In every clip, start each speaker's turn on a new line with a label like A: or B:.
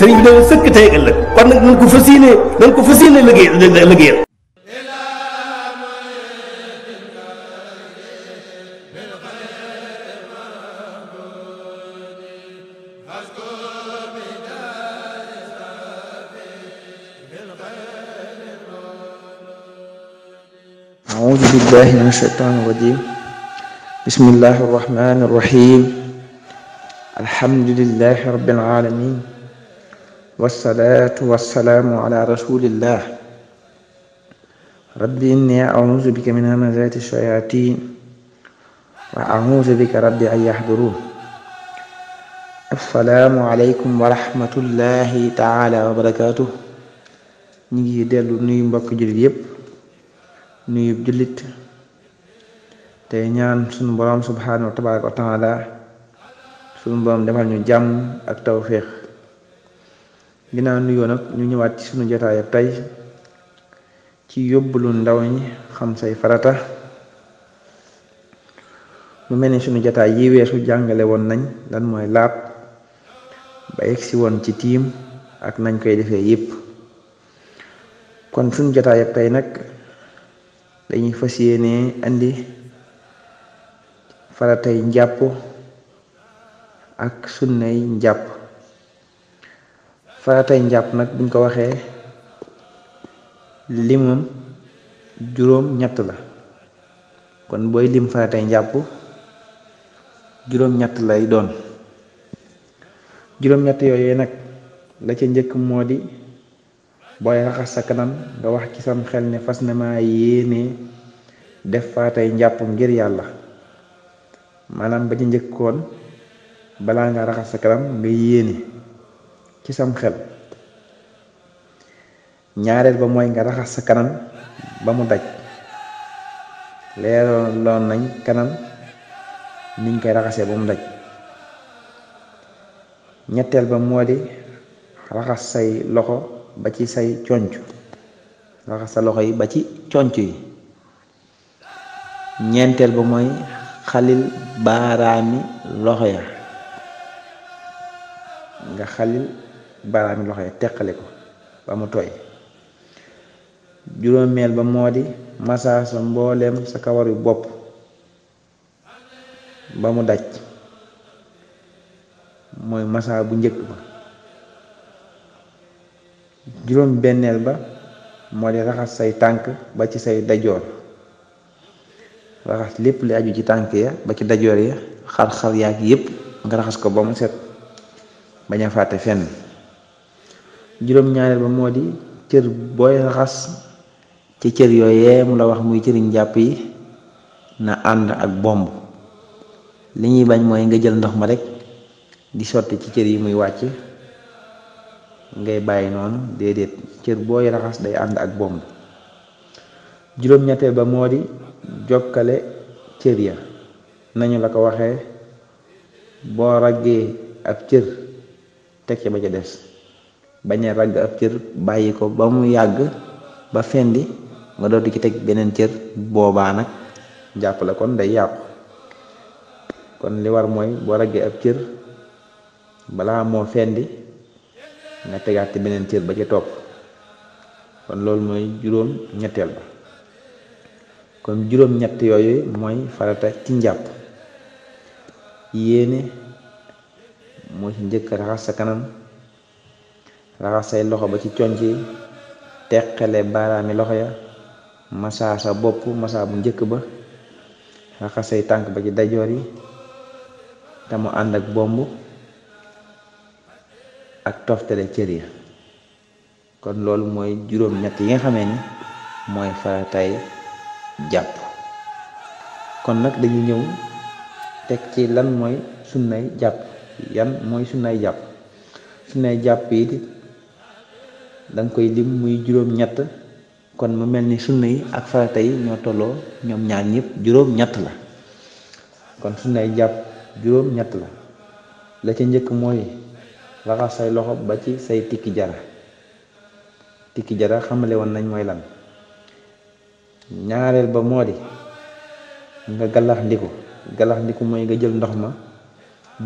A: sëriñ bi dana sëkk tey ëllëg kon nag nañ ko fas yéene nañ ko fas yéene liggéey liggéeyal أعوذ بالله من الشيطان الرجيم بسم الله الرحمن الرحيم الحمد لله رب العالمين wasalaatu wasalaamu ala rasulillah rabbi inni auzu bika min hamazati shayatin wa auzu bika rabbi an yahdurun assalaamu aleykum wa rahmatullahi taala wa barakatuh ñu ngi dellu nuyu mbokk jullit yépp nuyu jullit tey ñaan sunu boroom subhaanahu wa tabaraka wa taala sunu boroom defal ñu jàmm ak tawfiq ginnaaw nuyoo nag ñu ñëwaat ci sunu jotaaya tey ci yóbbalu ndaw ñi xam say farata mu mel ni sunu jotaay yi weesu jàngale woon nañ lan mooy làpp ba egsi woon ci tiim ak nañ koy defee yépp kon sunu jotaaya tey nag dañuy fas yéenee indi faratay njàpp ak nay njàpp faratay njàpp nag buñ ko waxee limam juróom ñett la kon booy lim faratay njàpp juróom ñett lay doon juróom ñett yooyu nag la ca njëkk moo di booy raxas sa kanam nga wax ci sam xel ni fas na maa yéene def faratay njàpp ngir yàlla maanaam ba ca njëkkoon balaa nga raxas sa kanam nga yéene ci sam xel ñaareel ba mooy nga raxas sa kanam ba mu daj leeraloon nañ kanam niñ koy raxasee ba mu daj ñetteel ba moo di raxas say loxo ba ci say conc raxas sa loxo yi ba ci conc yi ñeenteel ba mooy xalil baaraami loxo ya nga xalil baraami loxo yi teqali ko ba mu tooy juróomeel ba moo di masaa sa mbooleem sa kawaru bopp ba mu daj mooy masaa bu njëkk ba juróom benneel ba moo di raxas say tànk ba ci say dajoor raxas lépp li aju ci tànk ya ba ci dajoor ya xar-xar yaag yépp nga raxas ko ba mu set bañ a fàtte fenn juróom-ñaareel ba moo di cër booy raxas ci cër yooyee mu la wax muy cëriñ njàpp yi na ànd ak bomb li ñuy bañ mooy nga jël ndox ma rekk di sotti ci cër yi muy wàcc ngay bàyyi noonu déedéet cër booy raxas day ànd ak bomb juróom-ñetteel ba moo di jokkale cër ya nañu la ko waxee boo raggee ab cër teg ca ba ca des bañ a ragg ab cër bàyyi ko ba mu yàgg ba fendi nga dootu ci teg beneen cër boobaa nag jàpp la kon day yàqu kon li war mooy boo raggee ab cër balaa moo fendi nga tegaat ci beneen cër ba ci topp kon loolu mooy juróom ñetteel ba kon juróom ñett yooyu mooy farata ci njàpp yéene moo ci njëkk raxas sa kanam raxas say loxo ba ci conc yi teqale baaraami loxo ya masaa sa bopp masaa bu njëkk ba raxas say tànk ba ci dajoor yi te mu ànd ak bomb ak toftale cër ya kon loolu mooy juróom ñett yi nga xamee ni mooy farataay jàpp kon nag dañu ñëw teg ci lan mooy sunnay jàpp yan mooy sunnay jàpp sunnay jàpp yi da koy lim muy juróom-ñett kon mu mel ni sunna yi ak farata yi ñoo tolloo ñoom ñaar ñëpp juróom-ñett la kon sunna jàpp juróom-ñett la la ca njëkk mooy raxas say loxo ba ci say tikki jara tikki jara xamale woon nañ mooy lan ñaareel ba moo di nga galax ndiku mooy nga jël ndox ma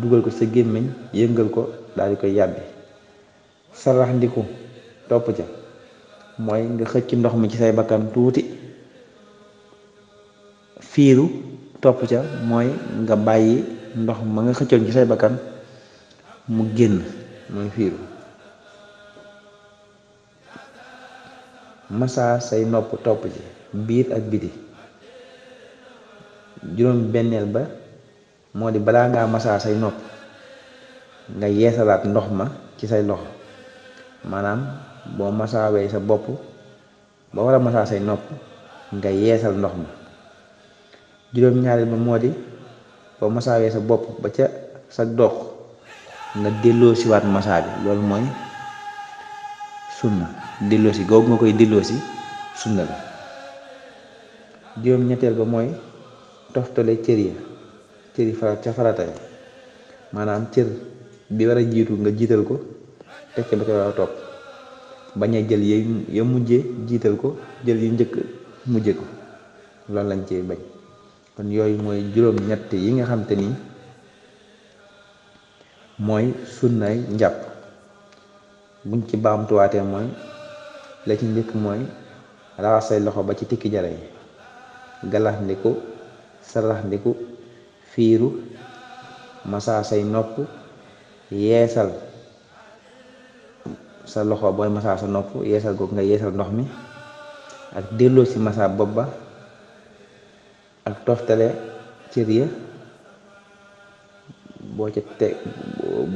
A: dugal ko sa gémmiñ yëngal ko daal di koy yàbbi sarax topp ca mooy nga xëcc ndox mi ci say bakkan tuuti fiiru topp ca mooy nga bàyyi ndox ma nga xëccoon ci say bakkan mu génn mooy fiiru massa say nopp topp ci biir ak biti juróom benneel ba moo di balaa ngaa masaa say nopp nga yeesalaat ndox ma ci say loxo maanaam boo masaawee sa bopp ba war a masaa say nopp nga yeesal ndox ma juróom-ñaareel ba moo di boo masaawee sa bopp ba ca sa dox nga delloo si waat masaa bi loolu mooy sunna delloo si googu nga koy delloo si sunna la juróom-ñetteel ba mooy toftale cër ya cër yi farat ca farata ya maanaam cër bi war a jiitu nga jiital ko teg ca ba ca war a topp bañ a jël yooyu ya mujjee jiital ko jël yi njëkk mujje ko loolu lañ ci bañ kon yooyu mooy juróom ñett yi nga xam te nii mooy sunnaay njàpp buñ ci baamtuwaatee mooy la ci njëkk mooy raxas say loxo ba ci tikki jara yi galaxndiku saraxndiku fiiru masaa say nopp yeesal sa loxo booy masaa sa nopp yeesal googu nga yeesal ndox mi ak delloo si masaa bopp ba ak toftale cër ya boo ca te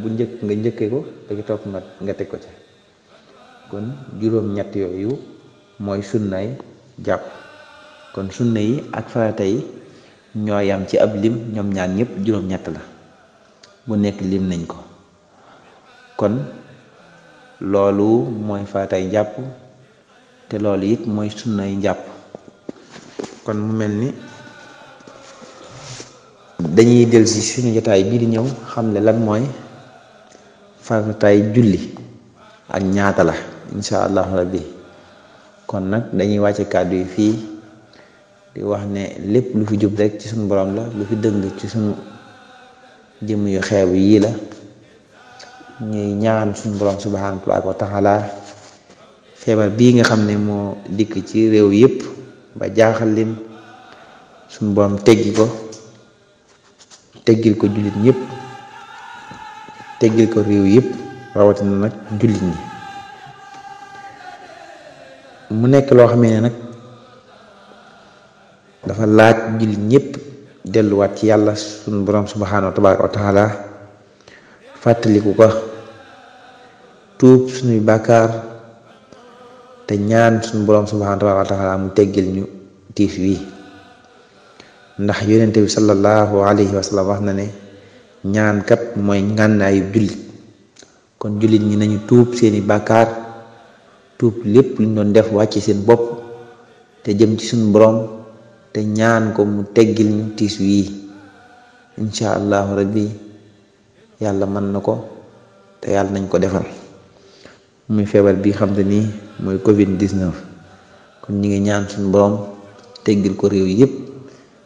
A: bu njëkk nga njëkkee ko te ci topp nga teg ko ca kon juróom ñett yooyu mooy sunnay jàpp kon sunna yi ak farata yi ñoo yam ci ab lim ñoom ñaan ñëpp juróom ñett la bu nekk lim nañ ko kon loolu mooy faatay jàpp te loolu it mooy sunnay jàpp kon mu mel ni dañuy del si sunu jotaay bii ñëw xam ne lan mooy faratay julli ak ñaata la insha allahu rabbi kon nag dañuy wàcce kàddu yi fii di wax ne lépp lu fi jub rek ci suñu borom la lu fi dëng ci suñu jëmm yu xeebu yii la ñuy ñaan suñu borom subhanahu wa taala feebar bii nga xam ne moo dikk ci réew yépp ba jaaxal leen suñu borom teggi ko teggil ko jullit ñépp teggil ko réew yépp rawatina nag jullit ñi mu nekk loo xame ne nag dafa laaj jullit ñépp delluwaat ci yàlla suñu boroom subhanahu wa taala fàttaliku ko tuub suñuy bàkkaar te ñaan suñu boroom subhaanahu mu teggil ñu tiis wii ndax yonent bi sallallahu alayhi wa wax na ne ñaan kat mooy ngànnaayu jullit kon jullit ñi nañu tuub seeni bàkkaar tuub lépp luñ doon def wàcce seen bopp te jëm ci suñu boroom te ñaan ko mu teggil ñu tiis wii incha allahu rabbi yàlla mën na ko te yàlla nañ ko defal muy feebar bi xam te ni mooy Covid 19 kon ñu ngi ñaan suñu borom teggil ko réew yëpp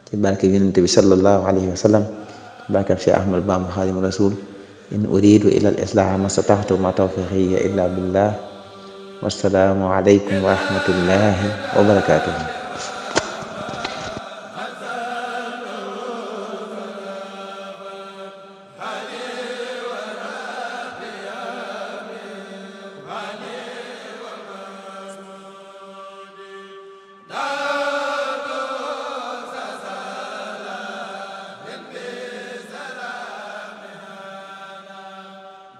A: ci barke yonent bi sallallahu alayhi wa sallam barkab Cheikh Ahmad Bamba Xaadimu Rasuul in uridu ila al islaaha ma stataxtu ma tawfiqi illa billah wassalaamu alaykum wa rahmatullahi wa barakatuh